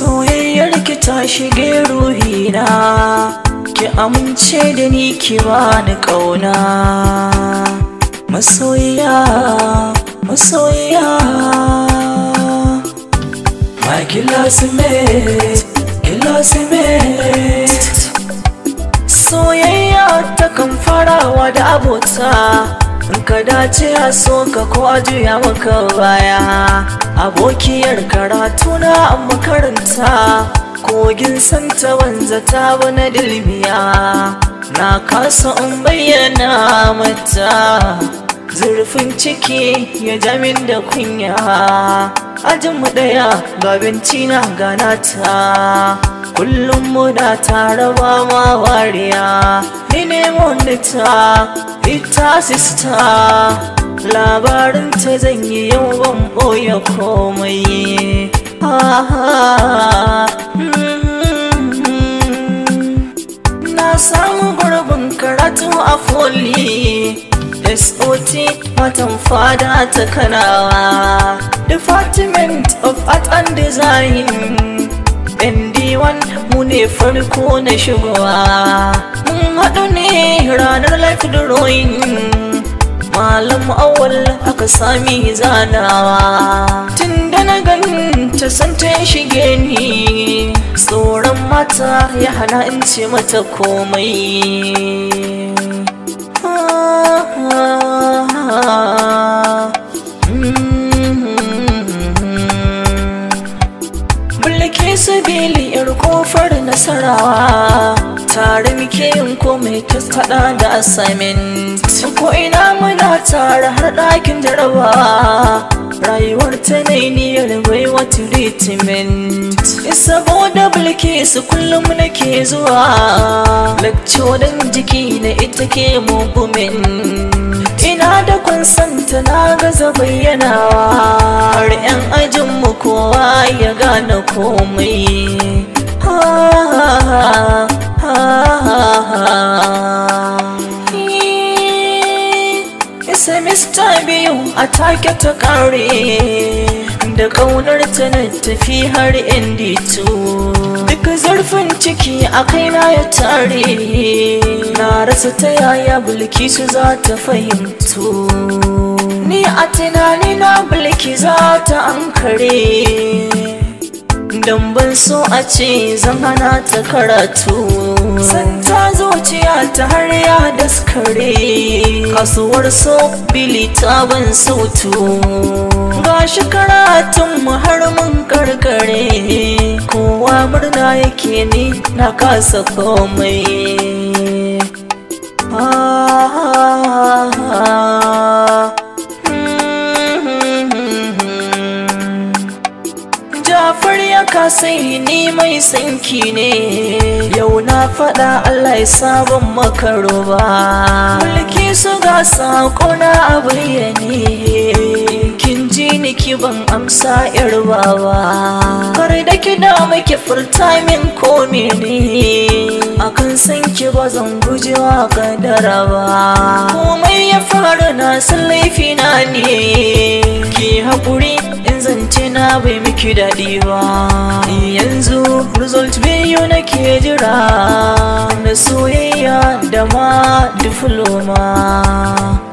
soyayyar ki ta shige ruhina ki amince da ni ki bani kauna masoyiya masoyiya my classmate classmate soyayya ta kan farawa da abota in ka dace a so ka ko a juya maka baya abokiyar karatuna na makaranta kogin santa wanza ta bana dilbiya na kasa in bayyana mata zurfin ciki ya jamin da kunya ajin mu ɗaya ga binci na ganata kullum muna tare ba ma wariya ni ne ta ita sista labarin ta zan yi yau ban boye komai hmm. na samu gurbin karatu a foli SOT watan fada ta kanawa Department of Art and Design ND everyone mu ne farko na shigowa mun haɗu ne ranar life drawing malam awal aka sami zanawa tun da na ganta san ta shige ni tsoron mata ya hana in ce mata komai sabili yar kofar nasarawa tare muke yin komai ta kada da assignment ko ina muna tare har ɗakin jarawa, rayuwar ta ne niyyar baiwa treatment saboda bulke su kullum nake zuwa lakcodan jiki na ita ke movement ina da ta na gaza bayyanawa har 'yan ajinmu kowa ya gane komai ha biyu a take ta kare da ƙaunar ta na tafi har indi karfin ciki a kaina ya tare na rasa ta yaya bilkisu za ta fahimto ni a tunani na bulki za ta ankare dan ban so a ce zan ta karatu san ta zuciya ta har ya daskare kasuwar so bili ta ban sautu Ga karatun mu har mun karkare kowa murna yake ni na kasa komai ah, ah, ah. Jafar ya kasa yi ni mai sanki ne yau na faɗa Allah ya sabon ba mulki su ga saƙona a bayyane ki ban amsa yar wawa kar da ki damu muke full timing ko mene akan san ki ba zan gujewa kadara ba komai ya faru na san na ne ki haƙuri in zance na bai miki daɗi ba yanzu result na ke jira na soyayya da ma difloma